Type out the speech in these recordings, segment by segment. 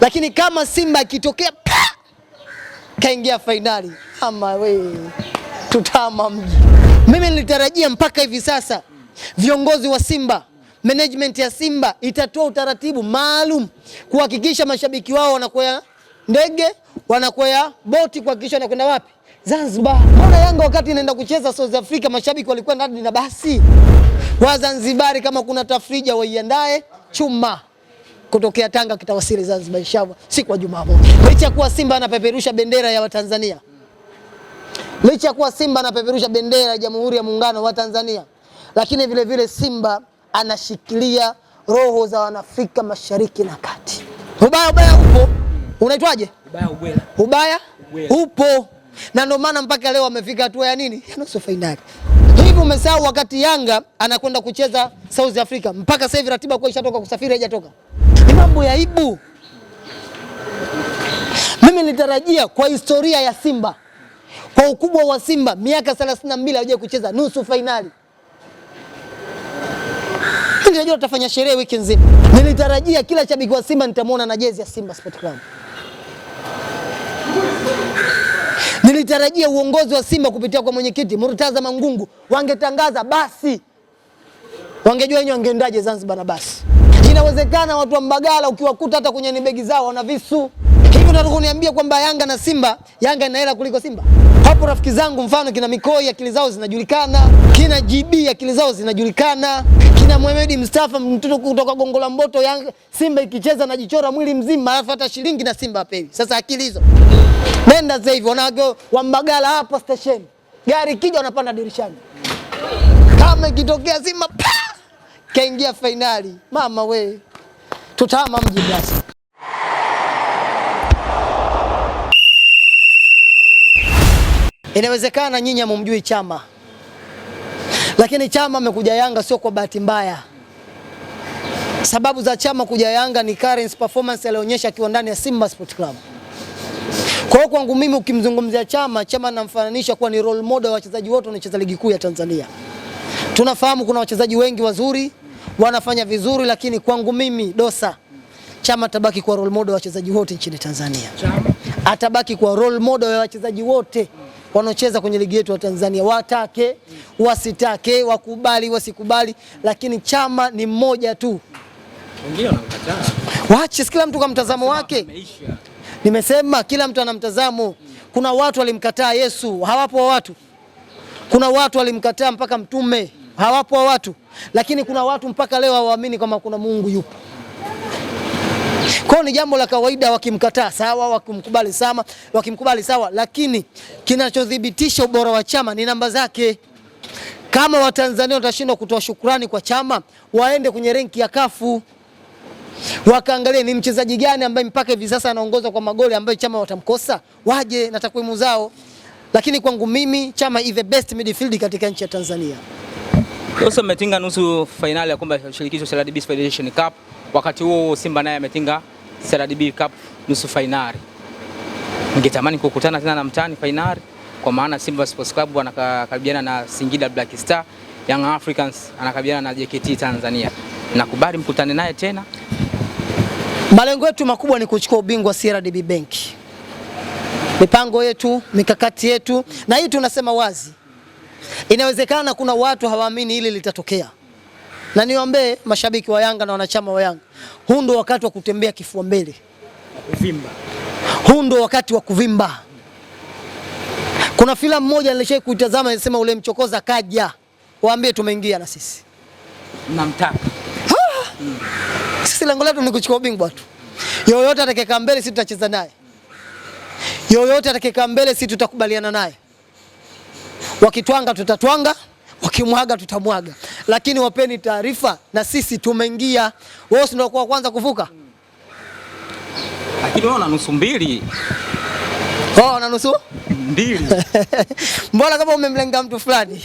lakini kama Simba ikitokea kaingia fainali ama we tutama mji. Mimi nilitarajia mpaka hivi sasa viongozi wa Simba management ya Simba itatoa utaratibu maalum kuhakikisha mashabiki wao wanakwea ndege, wanakwea boti, kuhakikisha wanakwenda wapi? Zanzibar. Mbona Yanga wakati inaenda kucheza South Africa mashabiki walikuwa ndani na basi? Wazanzibari, kama kuna tafrija waiandae chuma kutokea Tanga kitawasili Zanzibar inshallah siku ya Jumamosi. Licha ya kuwa Simba anapeperusha bendera ya Watanzania, licha ya kuwa Simba anapeperusha bendera ya Jamhuri ya Muungano wa Tanzania, lakini vile vile Simba anashikilia roho za wanafrika Mashariki na Kati. Ubaya ubaya upo, unaitwaje? Ubaya ubwela, ubaya upo, na ndio maana mpaka leo amefika hatua ya nini, ya nusu fainali hivi umesahau wakati Yanga anakwenda kucheza South Africa, mpaka sasa hivi ratiba kwa ishatoka kusafiri haijatoka. Ni mambo ya aibu. Mimi nilitarajia kwa historia ya Simba, kwa ukubwa wa Simba, miaka 32 hawajawahi kucheza nusu fainali. Nilitarajia tutafanya sherehe wiki nzima. Nilitarajia kila shabiki wa Simba nitamwona na jezi ya Simba Sport Club. Nilitarajia uongozi wa Simba kupitia kwa mwenyekiti Murtaza Mangungu wangetangaza basi, wangejua wenyewe wangeendaje Zanzibar na basi. Inawezekana watu wa Mbagala ukiwakuta hata kwenye nibegi zao wana visu unataka kuniambia kwamba Yanga na Simba, Yanga ina hela kuliko Simba? Hapo rafiki zangu, mfano kina Mikoi akili zao zinajulikana, kina GB akili zao zinajulikana, kina Mohamed Mustafa mtoto kutoka Gongo la Mboto, Yanga Simba ikicheza najichora mwili mzima, alafu hata shilingi na Simba apewi. Sasa akili hizo nenda sasa hivi, wanawake wa Mbagala hapo station, gari kija wanapanda dirishani, kama ikitokea Simba pa kaingia fainali, mama we tutama mji basi. Inawezekana nyinyi hamumjui Chama, lakini Chama amekuja Yanga sio kwa bahati mbaya. Sababu za Chama kuja Yanga ni current performance alionyesha akiwa ndani ya Simba Sport Club. Kwa hiyo kwangu mimi ukimzungumzia Chama, Chama namfananisha kuwa ni role model wa wachezaji wote wanaocheza ligi kuu ya Tanzania. Tunafahamu kuna wachezaji wengi wazuri wanafanya vizuri, lakini kwangu mimi Dosa, Chama atabaki kwa role model wa wachezaji wote nchini Tanzania. Chama atabaki kwa role model wa wachezaji wote wanaocheza kwenye ligi yetu ya Tanzania, watake wasitake, wakubali wasikubali, lakini chama ni mmoja tu. Waache kila mtu kwa mtazamo wake. Nimesema kila mtu ana mtazamo. Kuna watu walimkataa Yesu, hawapo watu. Kuna watu walimkataa mpaka mtume, hawapo watu. Lakini kuna watu mpaka leo hawaamini kama kuna Mungu yupo. Kwao ni jambo la kawaida, wakimkataa sawa, wakimkubali sawa, wakimkubali sawa, lakini kinachodhibitisha ubora wa chama ni namba zake. Kama Watanzania watashindwa kutoa shukrani kwa chama, waende kwenye renki ya kafu wakaangalie ni mchezaji gani ambaye mpaka hivi sasa anaongoza kwa magoli ambayo chama watamkosa, waje na takwimu zao. Lakini kwangu mimi chama is the best midfield katika nchi ya Tanzania. Sasa mmetinga nusu fainali ya kombe la shirikisho la DBS Federation Cup. Wakati huo Simba naye ametinga CRDB Cup nusu fainali. Ningetamani kukutana tena na mtani fainali, kwa maana Simba Sports Club anakabiliana na Singida Black Star, Young Africans anakabiliana na JKT Tanzania. Nakubali mkutane naye tena. Malengo yetu makubwa ni kuchukua ubingwa CRDB Bank. Mipango yetu, mikakati yetu, na hii tunasema wazi, inawezekana kuna watu hawaamini hili litatokea na niwaambie mashabiki wa Yanga na wanachama wa Yanga, huu ndio wakati wa kutembea kifua mbele, kuvimba. Huu ndio wakati wa kuvimba. Kuna filamu moja nilishai kuitazama, inasema ule mchokoza kaja, waambie tumeingia na sisi namtaka hmm. Sisi lengo letu ni kuchukua ubingwa tu, yoyote atakayekaa mbele sisi tutacheza naye, yoyote atakayekaa mbele sisi tutakubaliana naye, wakitwanga tutatwanga wakimwaga tutamwaga, lakini wapeni taarifa na sisi tumeingia. Wewe ndio kwa kwanza kuvuka, lakini wewe una nusu mbili Oh, una nusu mbili. Mbona kama umemlenga mtu fulani?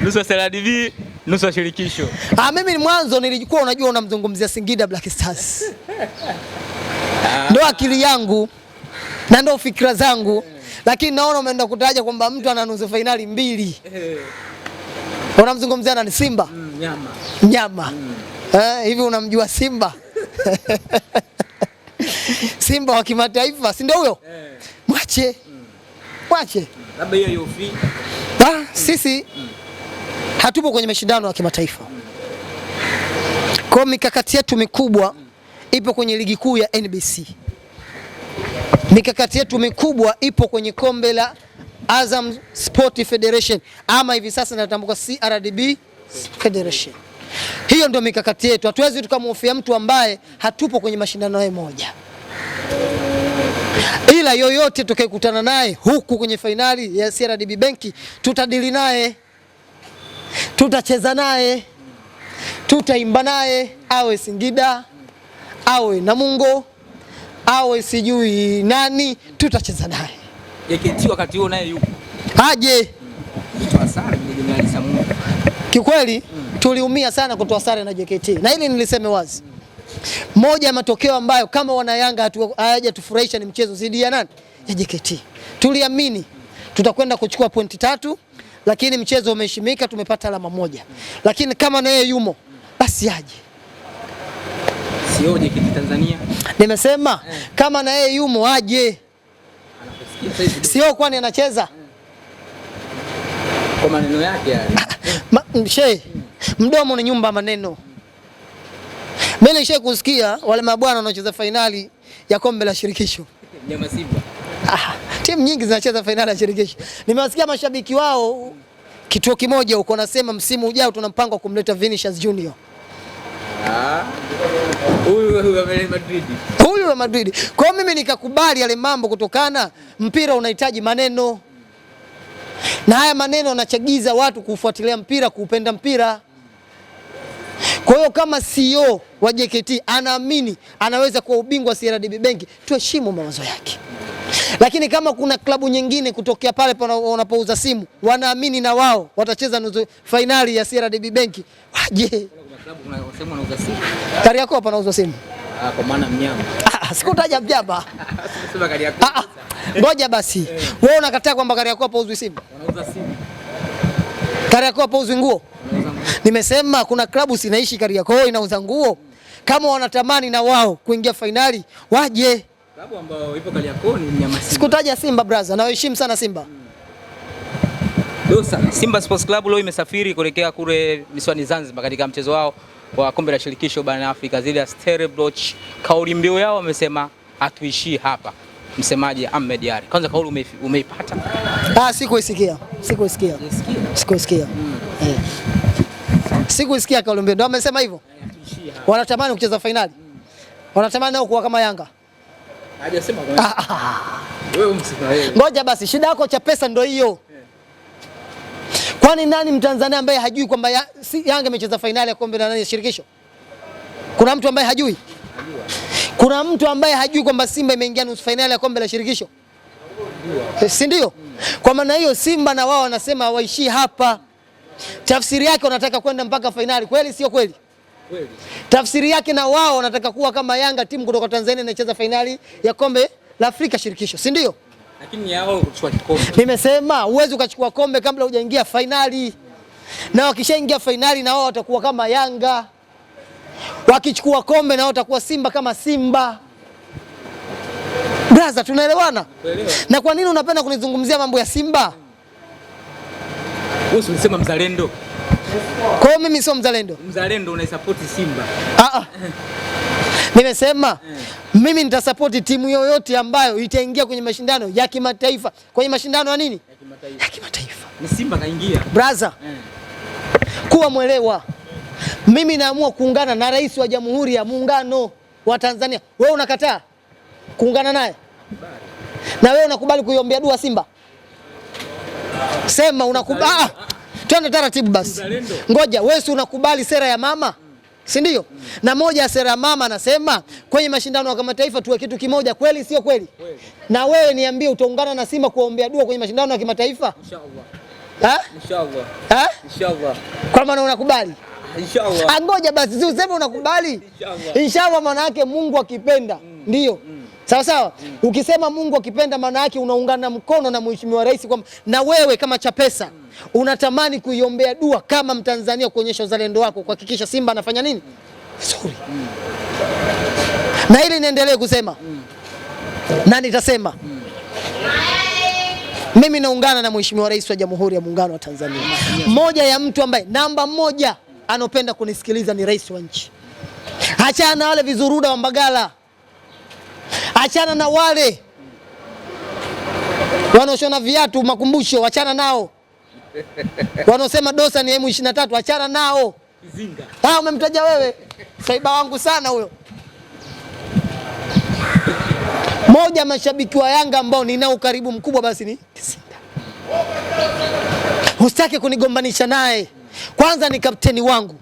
Nusu saladi, nusu shirikisho. Ah, mimi ni mwanzo nilikuwa unajua unamzungumzia Singida Black Stars. Ndio akili yangu na ndo fikra zangu lakini naona umeenda kutaja kwamba mtu ana nusu fainali mbili. Eh. Unamzungumzia nani? Simba mm, nyama mm. Eh, hivi unamjua Simba? Simba wa kimataifa si ndio huyo? Eh. Mwache mm. mwache, labda hiyo yofi. Sisi hatupo kwenye mashindano ya kimataifa, kwa mikakati yetu mikubwa ipo kwenye ligi kuu ya NBC. Mikakati yetu mikubwa ipo kwenye kombe la Azam Sport Federation ama hivi sasa inatambuka CRDB Federation. Hiyo ndio mikakati yetu. Hatuwezi tukamhofia mtu ambaye hatupo kwenye mashindano hayo moja, ila yoyote tukikutana naye huku kwenye fainali ya CRDB Benki, tutadili naye, tutacheza naye, tutaimba naye, awe Singida awe Namungo awe sijui nani, tutacheza naye. JKT wakati huo naye yupo aje kikweli, tuliumia sana kutoa sare na JKT, na hili niliseme wazi Moja ya matokeo ambayo kama wanayanga hayajatufurahisha ni mchezo dhidi ya nani, ya JKT. Tuliamini tutakwenda kuchukua pointi tatu, lakini mchezo umeheshimika, tumepata alama moja, lakini kama naye yumo basi aje sioje kiti Tanzania. Nimesema eh, kama na yeye yumo aje. Sio kwani anacheza eh? Kwa maneno yake yale. Ah, mshe, mdomo ni nyumba maneno. Mimi nishe kusikia wale mabwana wanaocheza fainali ya kombe la shirikisho Nyama Simba. Ah, timu nyingi zinacheza fainali ya shirikisho. Nimewasikia mashabiki wao kituo kimoja huko, nasema msimu ujao tuna mpango wa kumleta Vinicius Junior. Ah huyu wa Madrid. Kwa hiyo mimi nikakubali yale mambo, kutokana mpira unahitaji maneno, na haya maneno yanachagiza watu kufuatilia mpira, kuupenda mpira. Kwa hiyo kama CEO wa JKT anaamini anaweza kuwa ubingwa CRDB Bank, tuheshimu mawazo yake lakini kama kuna klabu nyingine kutokea pale wanapouza simu wanaamini na wao watacheza nusu fainali ya CRDB Benki, waje Kariakoo hapa nauzwa simu ah, ah, ah, sikutaja mjamba. Ngoja basi eh. Wewe unakataa kwamba Kariakoo hapa uzwi simu? Wanauza simu. Kariakoo hapa uzwi nguo? Nimesema kuna klabu sinaishi Kariakoo inauza nguo Kama wanatamani na wao kuingia fainali waje. Klabu ambayo ipo Kariakoo ni Nyama Simba. Sikutaja Simba brother, nawaheshimu sana Simba hmm. Dosa, Simba Sports Club leo imesafiri kuelekea kule misiwani Zanzibar katika mchezo wao wa kombe la shirikisho barani Afrika zile ya Stellenbosch. Kauli mbiu yao wamesema hatuishii hapa. Msemaji Ahmed Yari, kwanza kauli ume, umeipata? Ah, sikuisikia, sikuisikia, sikuisikia, hmm. eh. sikuisikia kauli mbiu. Ndio wamesema hivyo, wanatamani kucheza fainali, hmm. wanatamani nao kuwa kama Yanga. Hajasema kwa ah, ah, ah. nini? ngoja basi, shida yako cha pesa ndio hiyo Kwani nani Mtanzania ambaye hajui kwamba ya, si, Yanga imecheza fainali ya kombe la nani shirikisho? Kuna mtu ambaye hajui? Kuna mtu ambaye hajui kwamba Simba imeingia nusu fainali ya kombe la shirikisho, eh, si ndio? Kwa maana hiyo Simba na wao wanasema waishi hapa. Tafsiri yake wanataka kwenda mpaka fainali, kweli sio kweli? Tafsiri yake na wao wanataka kuwa kama Yanga, timu kutoka Tanzania inacheza fainali ya kombe la Afrika shirikisho, si ndio? Lakini yao kuchukua kikombe. Nimesema huwezi ukachukua kombe kabla hujaingia fainali, na wakishaingia fainali na wao watakuwa kama Yanga, wakichukua kombe na wao watakuwa Simba kama Simba. Braza, tunaelewana? Na kwa nini unapenda kunizungumzia mambo ya Simba? Wewe unasema mzalendo. Kwa hiyo mimi sio mzalendo? Mzalendo unaisupport Simba. Ah ah. Nimesema mimi nitasapoti timu yoyote ambayo itaingia kwenye mashindano ya kimataifa. Kwenye mashindano ya nini? Ya kimataifa. Ni Simba kaingia. Brother, eh. kuwa mwelewa, mimi naamua kuungana na Rais wa Jamhuri ya Muungano wa Tanzania. Wewe unakataa kuungana naye, na wewe unakubali kuiombea dua Simba? Sema unakubali. Ah, twende taratibu basi, ngoja wewe, si unakubali sera ya mama si ndio? Mm. Na moja ya sera mama anasema kwenye mashindano ya kimataifa tuwe kitu kimoja, kweli sio kweli? Kweli. Na wewe niambie, utaungana na Simba kuombea dua kwenye mashindano ya kimataifa Inshallah. Inshallah. Ha? Inshallah. Kwa maana unakubali? Inshallah. Angoja ah, basi, si useme unakubali? Inshallah. Inshallah maana yake Mungu akipenda. Mm. Ndio. Mm. Sawa sawa. Mm. Ukisema Mungu akipenda maana yake unaungana mkono na Mheshimiwa Rais kwamba na wewe kama Chapesa mm. unatamani kuiombea dua kama Mtanzania kuonyesha uzalendo wako kuhakikisha Simba anafanya nini? Sorry. Mm. Na ili niendelee kusema mm. na nitasema mm. mimi naungana na Mheshimiwa Rais wa Jamhuri ya Muungano wa Tanzania. Moja ya mtu ambaye namba moja anopenda kunisikiliza ni rais wa nchi. Achana wale vizuruda wa Mbagala Achana na wale wanaoshona viatu makumbusho, achana nao. Wanaosema Dosa ni M23, achana nao. Ah, umemtaja wewe saiba wangu sana huyo. Moja mashabiki wa Yanga ambao ninao ukaribu mkubwa basi ni Kizinga. Usitake kunigombanisha naye, kwanza ni kapteni wangu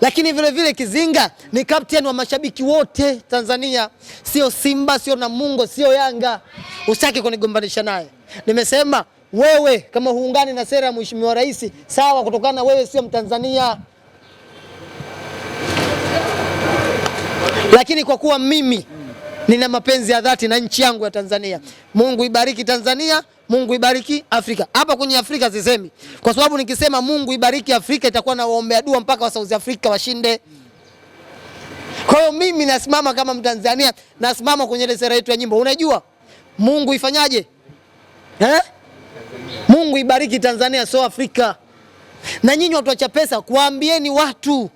lakini vilevile vile Kizinga ni captain wa mashabiki wote Tanzania, sio Simba, sio Namungo, sio Yanga. Usitaki kunigombanisha naye. Nimesema wewe kama huungani na sera ya mheshimiwa rais, sawa, kutokana na wewe sio Mtanzania, lakini kwa kuwa mimi nina mapenzi ya dhati na nchi yangu ya Tanzania. Mungu ibariki Tanzania. Mungu ibariki Afrika. Hapa kwenye Afrika sisemi, kwa sababu nikisema Mungu ibariki Afrika itakuwa na waombea dua mpaka wa South Africa washinde. Kwa hiyo mimi nasimama kama Mtanzania, nasimama kwenye sera yetu ya nyimbo. Unajua Mungu ifanyaje eh? Mungu ibariki Tanzania, so Afrika. Na nyinyi watu wa pesa kuambieni watu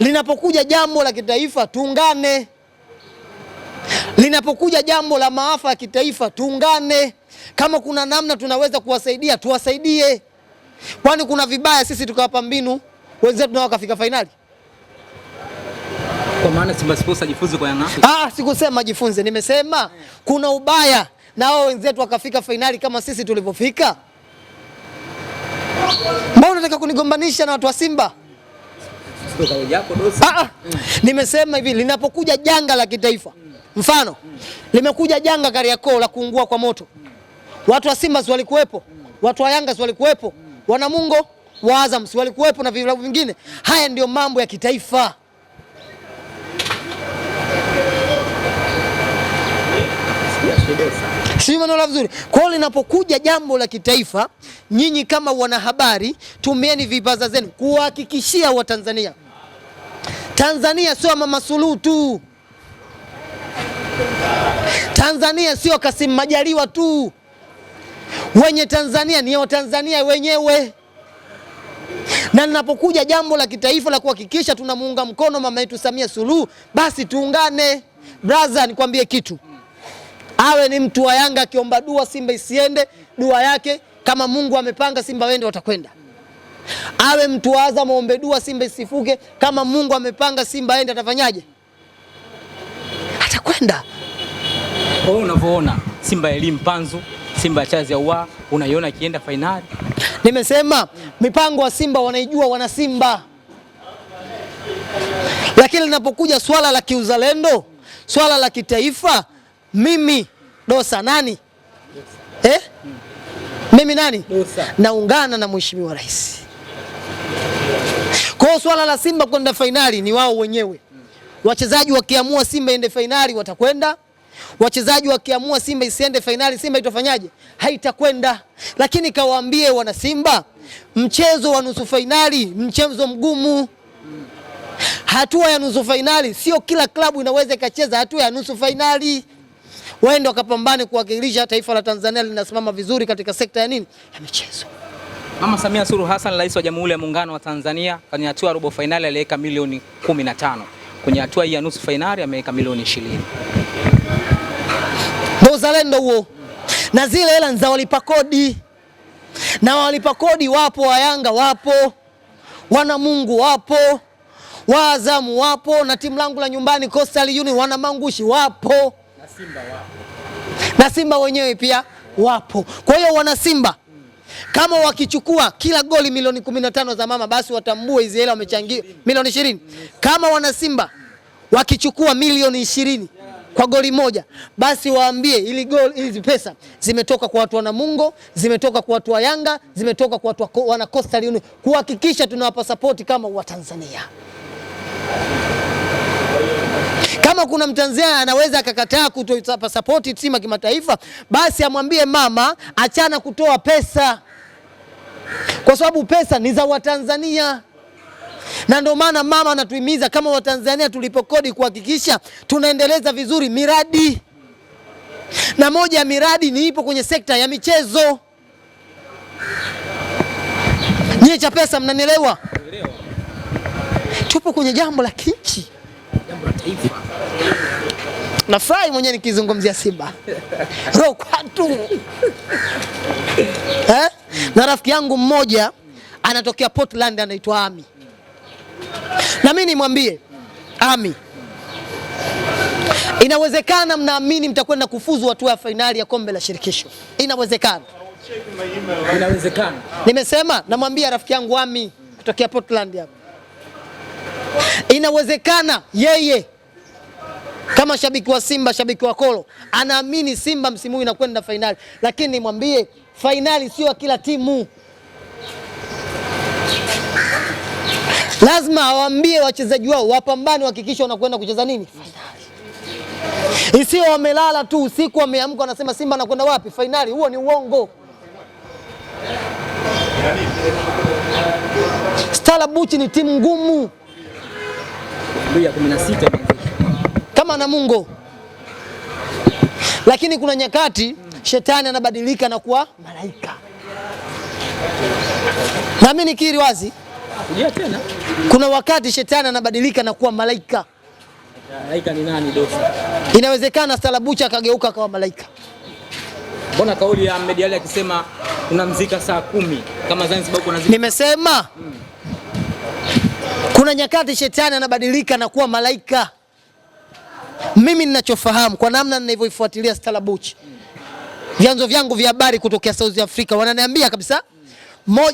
linapokuja jambo la kitaifa, tuungane. Linapokuja jambo la maafa ya kitaifa, tuungane. Kama kuna namna tunaweza kuwasaidia, tuwasaidie. Kwani kuna vibaya sisi tukawapa mbinu wenzetu nao wakafika fainali? Kwa maana Simba Sports ajifunze kwa Yanga. Ah, sikusema jifunze, nimesema kuna ubaya na wao wenzetu wakafika fainali kama sisi tulivyofika. Mbona unataka kunigombanisha na watu wa Simba? Ah, ah, nimesema hivi linapokuja janga la kitaifa Mfano mm. limekuja janga Kariakoo la kuungua kwa moto mm. watu wa Simba walikuwepo mm. watu wa Yanga walikuwepo mm. Wanamungo wa Azam walikuwepo na vilabu vingine. Haya ndio mambo ya kitaifa. Sio maneno vizuri. Kwa hiyo linapokuja jambo la kitaifa, nyinyi kama wanahabari, tumieni vipaza zenu kuwahakikishia Watanzania, Tanzania sio Mama Suluhu tu. Tanzania sio Kasim Majaliwa tu, wenye Tanzania ni Watanzania wenyewe. Na linapokuja jambo la kitaifa la kuhakikisha tunamuunga mkono mama yetu Samia Suluhu, basi tuungane. Braza, nikwambie kitu, awe ni mtu wa Yanga akiomba dua Simba isiende, dua yake kama Mungu amepanga Simba wende watakwenda. Awe mtu wa Azam aombe dua Simba isifuke, kama Mungu amepanga Simba aende, atafanyaje? atakwenda. Kwa hiyo unavyoona Simba ya elimu panzu, Simba ya chazi ya uwa, unaiona akienda fainali. Nimesema mipango ya wa Simba wanaijua wana Simba, lakini linapokuja swala la kiuzalendo, swala la kitaifa, mimi Dosa nani eh? mimi nani Dosa. Naungana na mheshimiwa rais. Kwa hiyo swala la Simba kwenda fainali ni wao wenyewe. Wachezaji wakiamua Simba iende fainali watakwenda, wachezaji wakiamua Simba isiende fainali, Simba itafanyaje? Haitakwenda. Lakini kawaambie wana Simba, mchezo wa nusu fainali mchezo mgumu. Hatua ya nusu fainali, sio kila klabu inaweza ikacheza hatua ya nusu fainali. Waende wakapambane kuwakilisha taifa la Tanzania linasimama vizuri katika sekta ya nini, ya michezo. Mama Samia Suluhu Hassan, rais wa Jamhuri ya Muungano wa Tanzania, kwenye hatua ya robo fainali aliweka milioni 15 kwenye hatua hii ya nusu fainali ameweka milioni ishirini. ndo uzalendo huo, na zile hela ni za walipa kodi, na walipa kodi wapo, Wayanga wapo, wana Mungu wapo, Waazamu wapo, na timu langu la nyumbani Coastal Union wana mangushi wapo, na Simba wapo, na Simba wenyewe pia wapo. Kwa hiyo wana Simba kama wakichukua kila goli milioni 15 za mama, basi watambue hizi hela wamechangia milioni 20. Kama wana Simba wakichukua milioni 20 kwa goli moja basi waambie ili goli hizi pesa zimetoka kwa watu wa Namungo, zimetoka kwa watu wa Yanga, zimetoka kwa watu wana Coastal Union, kuhakikisha tunawapa support kama tanzania kama kuna Mtanzania anaweza akakataa kutoisapoti timu ya kimataifa, basi amwambie mama, achana kutoa pesa, kwa sababu pesa ni za Watanzania na ndio maana mama anatuhimiza kama Watanzania tulipokodi kuhakikisha tunaendeleza vizuri miradi, na moja ya miradi ni ipo kwenye sekta ya michezo. Nyie Chapesa mnanielewa, tupo kwenye jambo la kinchi. Nafurahi mwenyewe nikizungumzia Simba roho kwatu eh? na rafiki yangu mmoja anatokea Portland anaitwa Ami, na mimi nimwambie Ami, inawezekana mnaamini mtakwenda kufuzu hatua ya fainali ya kombe la shirikisho, inawezekana, inawezekana. Nimesema namwambia rafiki yangu Ami kutokea Portland hapa Inawezekana yeye kama shabiki wa Simba, shabiki wa Kolo anaamini Simba msimu huu inakwenda fainali, lakini nimwambie fainali sio kila timu. Lazima awaambie wachezaji wao wapambane, wahakikishe wanakwenda kucheza nini isiyo wamelala tu usiku wameamka wanasema Simba anakwenda wapi fainali. Huo ni uongo. Buchi ni timu ngumu ya 16 kama Namungo, lakini kuna nyakati shetani anabadilika na kuwa malaika. Na mimi nikiri wazi, kuna wakati shetani anabadilika na kuwa malaika. Malaika ni nani Dosa? Inawezekana Stalabucha akageuka akawa malaika. Mbona kauli ya Ahmed Ally akisema mzika saa kumi kama Zanzibar uko zika? Nimesema hmm. Kuna nyakati shetani anabadilika na kuwa malaika. Mimi ninachofahamu kwa namna ninavyoifuatilia Stalabuchi, vyanzo vyangu vya habari kutokea South Africa wananiambia kabisa,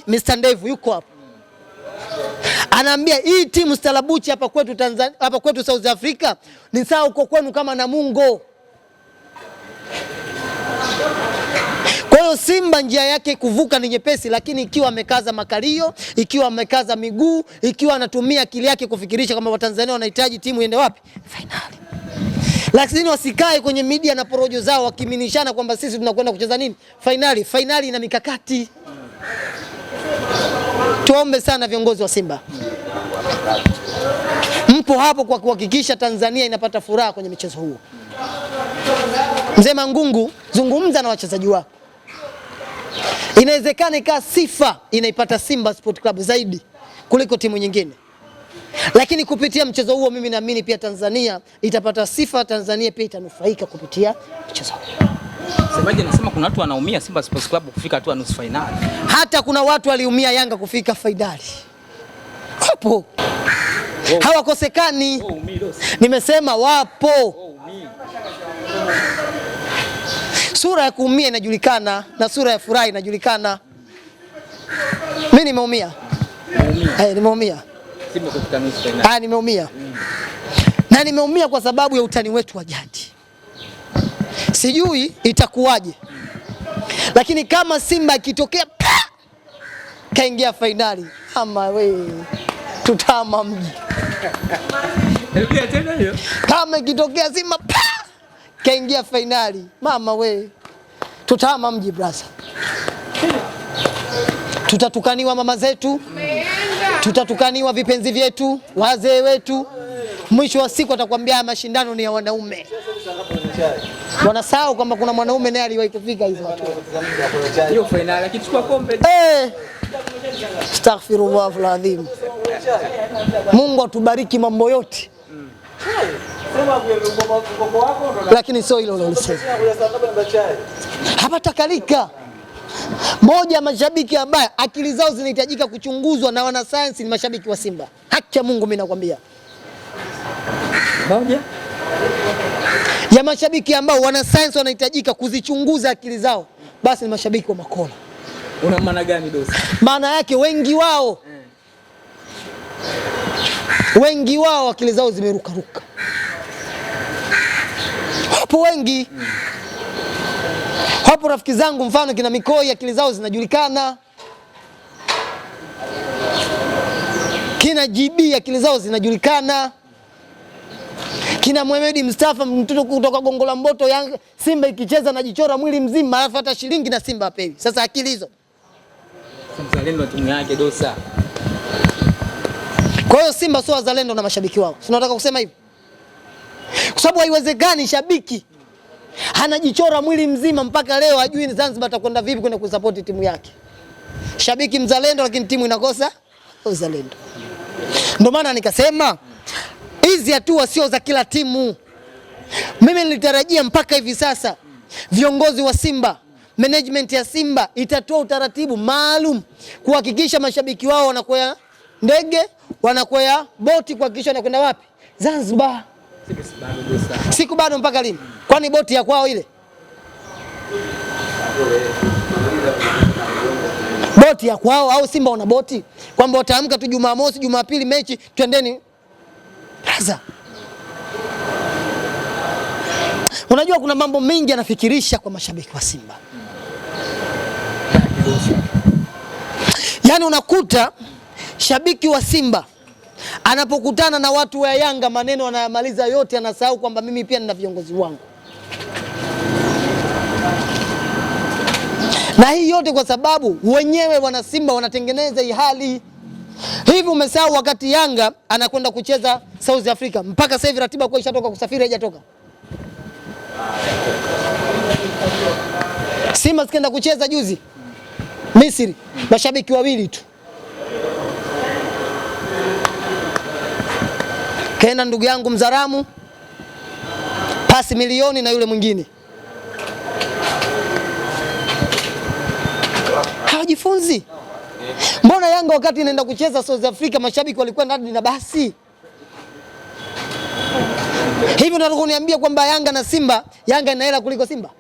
Mr Ndevu yuko hapa, anaambia hii timu Stalabuchi hapa kwetu Tanzania, hapa kwetu South Africa ni sawa uko kwenu kama Namungo hiyo Simba njia yake kuvuka ni nyepesi, lakini ikiwa amekaza makalio, ikiwa amekaza miguu, ikiwa anatumia akili yake kufikirisha kwamba Watanzania wanahitaji timu iende wapi finali lakini wasikae kwenye media na porojo zao wakiminishana kwamba sisi tunakwenda kucheza nini fainali. Fainali ina mikakati. Tuombe sana viongozi wa Simba, mpo hapo kwa kuhakikisha Tanzania inapata furaha kwenye michezo huo. Mzee Mangungu, zungumza na wachezaji wako. Inawezekana ikawa sifa inaipata Simba Sport Club zaidi kuliko timu nyingine, lakini kupitia mchezo huo mimi naamini pia Tanzania itapata sifa, Tanzania pia itanufaika kupitia mchezo huo. Semaje, nasema kuna watu wanaumia Simba Sports Club kufika tu nusu finali. hata kuna watu waliumia Yanga kufika fainali. Wapo, oh. hawakosekani. Oh, Nimesema wapo. Oh. sura ya kuumia inajulikana na sura ya furaha inajulikana. Mimi nimeumia, nimeumia, eh, ah, nimeumia na nimeumia kwa sababu ya utani wetu wa jadi. Sijui itakuwaje, lakini kama Simba ikitokea kaingia fainali ama we tutama mji kama ikitokea Simba kaingia fainali mama we, tutaama mji brasa, tutatukaniwa mama zetu, tutatukaniwa vipenzi vyetu, wazee wetu. Mwisho wa siku atakwambia haya mashindano ni ya wanaume. Wanasahau kwamba kuna mwanaume naye aliwahi kufika hizo eh. Astaghfirullah aladhim. Mungu atubariki mambo yote lakini sio hilo ulolisema, hapatakalika moja ya mashabiki ambaye akili zao zinahitajika kuchunguzwa na wanasayansi ni mashabiki wa Simba. Haki ya Mungu, mimi nakwambia moja ya mashabiki ambao wanasayansi wanahitajika kuzichunguza akili zao, basi ni mashabiki wa Makola. Una maana gani dosi? Maana yake wengi wao eh. wengi wao akili zao zimerukaruka wapo wengi mm. Wapo rafiki zangu mfano kina Mikoi, akili zao zinajulikana, kina GB akili zao zinajulikana, kina Mohamed Mustafa mtoto kutoka Gongo la Mboto, Yanga Simba ikicheza najichora mwili mzima, alafu hata shilingi na Simba apewi. Sasa akili hizo kwa hiyo Simba sio wazalendo na mashabiki wao, si nataka kusema hivi kwa sababu haiwezekani shabiki anajichora mwili mzima mpaka leo ajui Zanzibar atakwenda vipi kwenda kusapoti timu yake. Shabiki mzalendo, lakini timu inakosa uzalendo. Ndio maana nikasema hizi hatua sio za kila timu. Mimi nilitarajia mpaka hivi sasa viongozi wa Simba, management ya Simba itatoa utaratibu maalum kuhakikisha mashabiki wao wanakwea ndege, wanakwea boti, kuhakikisha wanakwenda wapi Zanzibar siku bado mpaka lini? Kwani boti ya kwao ile boti ya kwao au Simba una boti kwamba wataamka tu Jumamosi, Jumapili mechi twendeni. Sasa unajua kuna mambo mengi yanafikirisha kwa mashabiki wa Simba, yaani unakuta shabiki wa Simba Anapokutana na watu wa Yanga maneno anayamaliza yote, anasahau kwamba mimi pia nina viongozi wangu, na hii yote kwa sababu wenyewe wanasimba wanatengeneza hii hali hivi. Umesahau wakati Yanga anakwenda kucheza South Africa, mpaka sasa hivi ratiba kwa ishatoka, kusafiri haijatoka. Simba sikenda kucheza juzi Misri, mashabiki wawili tu kaenda ndugu yangu Mzaramu pasi milioni na yule mwingine hawajifunzi. Mbona Yanga wakati inaenda kucheza South Africa mashabiki walikuwa ndani na basi hivyo? Unataka kuniambia kwamba Yanga na Simba, Yanga ina hela kuliko Simba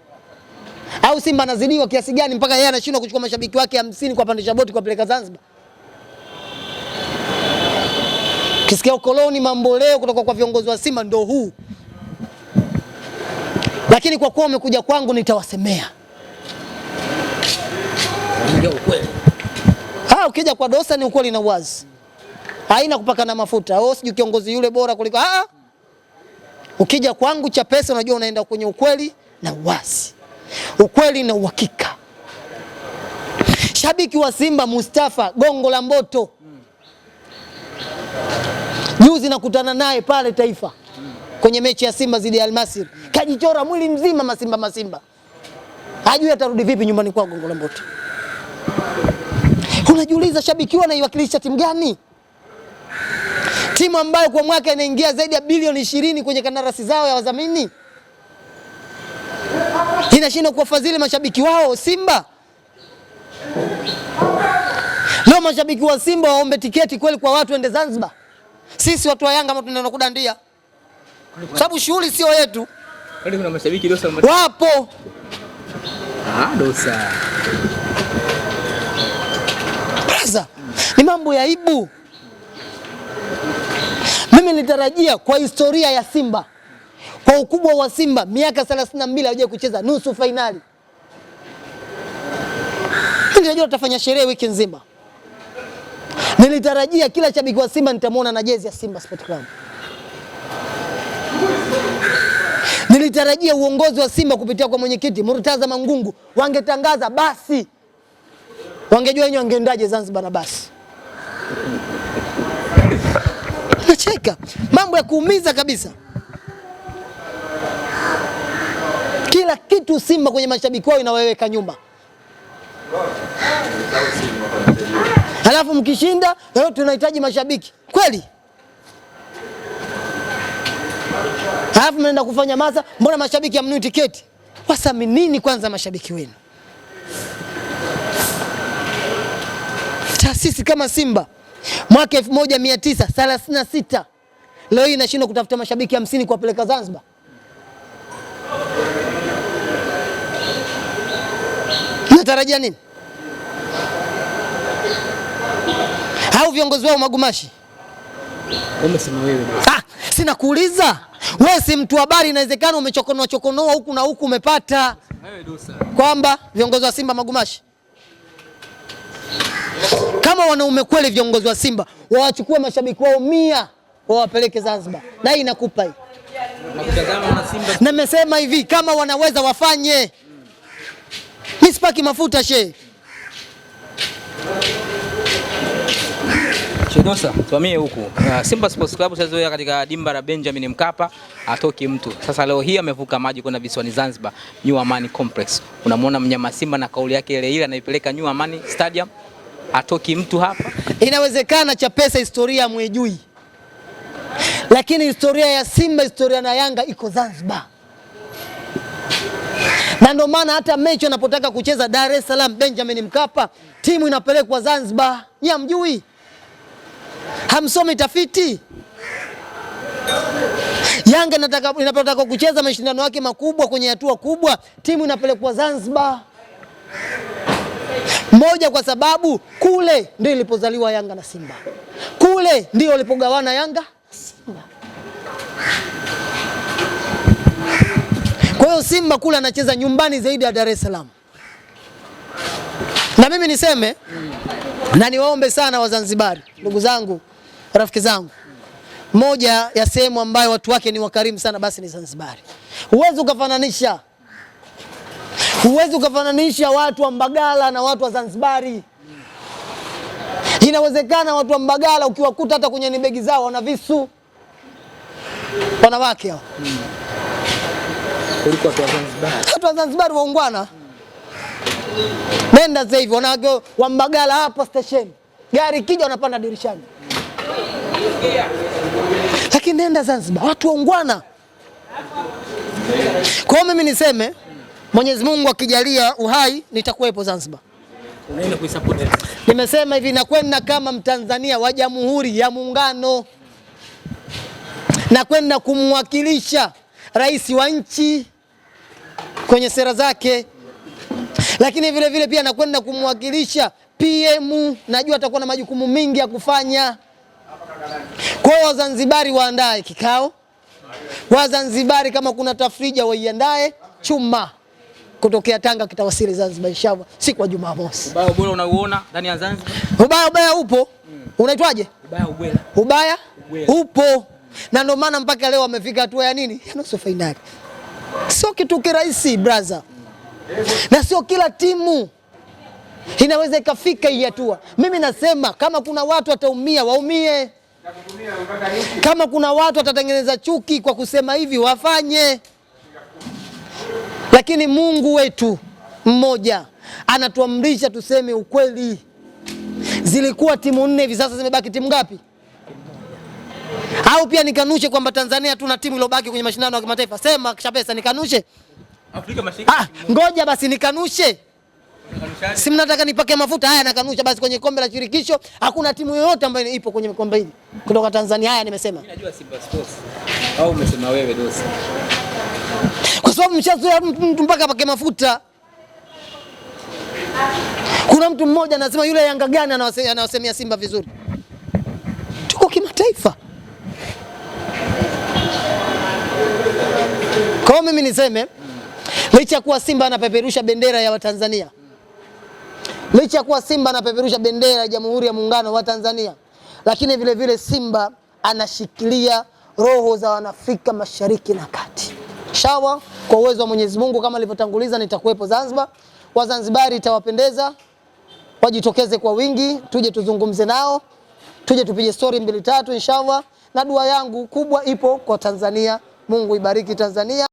au Simba anazidiwa kiasi gani mpaka yeye anashindwa kuchukua mashabiki wake hamsini kwa pandisha boti kwa peleka Zanzibar? Ukisikia ukoloni mambo leo kutoka kwa viongozi wa Simba ndio huu, lakini kwa kuwa umekuja kwangu nitawasemea. Ha, ukija kwa Dosa ni ukweli na uwazi, haina kupaka na mafuta. Wewe sijui kiongozi yule bora kuliko ah. Ukija kwangu Chapesa, unajua unaenda kwenye ukweli na uwazi, ukweli na uhakika. Shabiki wa Simba Mustafa Gongo la Mboto Juzi nakutana naye pale Taifa kwenye mechi ya Simba dhidi ya almasir kajichora mwili mzima, masimba masimba, hajui atarudi vipi nyumbani kwao Gongo la Mboto. Unajiuliza, shabiki huwa anaiwakilisha timu gani? Timu ambayo kwa mwaka inaingia zaidi ya bilioni ishirini kwenye kandarasi zao ya wadhamini inashindwa kuwafadhili mashabiki wao Simba. Leo mashabiki wa Simba waombe tiketi kweli kwa watu ende Zanzibar sisi watu wa Yanga tunaenda kudandia, sababu shughuli sio yetu. Kuna mashabiki dosa wapo. Ah, dosa. Brother, ni mambo ya aibu. Mimi nilitarajia kwa historia ya Simba, kwa ukubwa wa Simba, miaka 32 hawajawahi kucheza nusu fainali. Nilijua tutafanya sherehe wiki nzima Nilitarajia kila shabiki wa Simba nitamwona na jezi ya Simba Sport Club. Nilitarajia uongozi wa Simba kupitia kwa mwenyekiti Murtaza Mangungu wangetangaza basi, wangejua wenyewe wangeendaje Zanzibar na basi. Nacheka mambo ya kuumiza kabisa. Kila kitu Simba kwenye mashabiki wao inaweweka nyuma halafu mkishinda leo eh, tunahitaji mashabiki kweli? Halafu mnaenda kufanya masa, mbona mashabiki hamnui tiketi? Wasaminini kwanza mashabiki wenu. Taasisi kama Simba mwaka 1936 leo hii inashindwa kutafuta mashabiki hamsini kuwapeleka Zanzibar. Natarajia nini? au viongozi wao magumashi? Umesema wewe. Ah, sina kuuliza wewe, si mtu habari, inawezekana umechokonoa chokonoa huku na huku umepata kwamba viongozi wa Simba magumashi. Kama wanaume kweli, viongozi wa Simba wawachukue mashabiki wao mia wawapeleke Zanzibar, na hii inakupa hii Nimesema hivi, kama wanaweza wafanye. Mimi sipaki mafuta she Shedosa, tuamie huku. Simba Sports Club tunazoea katika dimba la Benjamin Mkapa atoki mtu. Sasa leo hii amevuka maji kwenda visiwani Zanzibar, New Amani Complex. Unamwona mnyama Simba na kauli yake ile ile anaipeleka New Amani Stadium. Atoki mtu hapa. Inawezekana Chapesa historia mwijui. Lakini historia ya Simba, historia na Yanga iko Zanzibar. Na ndio maana hata mechi anapotaka kucheza Dar es Salaam Benjamin Mkapa, timu inapelekwa Zanzibar. Nyamjui? hamsomi tafiti. Yanga inapotaka kucheza mashindano yake makubwa kwenye hatua kubwa, timu inapelekwa Zanzibar moja kwa sababu kule ndio ilipozaliwa Yanga na Simba, kule ndio walipogawana Yanga na Simba. Kwa hiyo Simba kule anacheza nyumbani zaidi ya Dar es Salaam, na mimi niseme na niwaombe sana Wazanzibari, ndugu zangu, rafiki zangu, moja ya sehemu ambayo watu wake ni wakarimu sana basi ni Zanzibari. Huwezi ukafananisha, huwezi ukafananisha watu wa Mbagala na watu wa Zanzibari. Inawezekana watu wa Mbagala ukiwakuta hata kwenye nibegi zao wana visu, wanawake hao. Watu wa Zanzibari waungwana Nenda sasa hivi, wanawake wa Mbagala hapa stesheni, gari kija wanapanda dirishani. Lakini nenda Zanzibar, watu waungwana. Kwa hiyo mimi niseme Mwenyezi Mungu akijalia uhai nitakuwepo Zanzibar. Nimesema hivi nakwenda kama Mtanzania wa Jamhuri ya Muungano, nakwenda kumwakilisha rais wa nchi kwenye sera zake lakini vile vile pia nakwenda kumwakilisha PM. Najua atakuwa na majukumu mengi ya kufanya. Kwa hiyo Wazanzibari waandae kikao, Wazanzibari kama kuna tafrija waiandae. Chuma kutokea Tanga kitawasili Zanzibar inshallah siku ya Jumamosi. Ubaya ubwela unauona ndani ya Zanzibar? Ubaya ubaya upo. Hmm. Unaitwaje? Ubaya ubwela. Ubaya upo. Na ndio maana mpaka leo wamefika hatua ya nini? Ya nusu fainali, Sio kitu kirahisi brother na sio kila timu inaweza ikafika hii hatua. Mimi nasema kama kuna watu wataumia, waumie. Kama kuna watu watatengeneza chuki kwa kusema hivi, wafanye. Lakini Mungu wetu mmoja anatuamrisha tuseme ukweli. Zilikuwa timu nne, hivi sasa zimebaki timu ngapi? Au pia nikanushe kwamba Tanzania tuna timu iliyobaki kwenye mashindano ya kimataifa? Sema kisha pesa nikanushe. Afrika Mashariki. Ah, ngoja basi nikanushe. Si mnataka nipake mafuta haya, nakanusha basi. Kwenye kombe la shirikisho hakuna timu yoyote ambayo ipo kwenye kombe hili kutoka Tanzania. Haya, nimesema najua Simba Sports au umesema wewe Dosi, kwa sababu mshazoea mtu mpaka apake mafuta. Kuna mtu mmoja anasema yule Yanga gani anawasemia Simba vizuri? Tuko kimataifa. Kwa mimi niseme Licha ya kuwa Simba anapeperusha bendera ya Watanzania, licha ya kuwa Simba anapeperusha bendera ya Jamhuri ya Muungano wa Tanzania, lakini vile vile Simba anashikilia roho za Wanaafrika Mashariki na Kati. Shawa, kwa uwezo wa Mwenyezi Mungu, kama alivyotanguliza, nitakuwepo Zanzibar. Wazanzibari itawapendeza wajitokeze kwa wingi, tuje tuzungumze nao, tuje tupige story mbili tatu, inshallah. Na dua yangu kubwa ipo kwa Tanzania. Mungu ibariki Tanzania.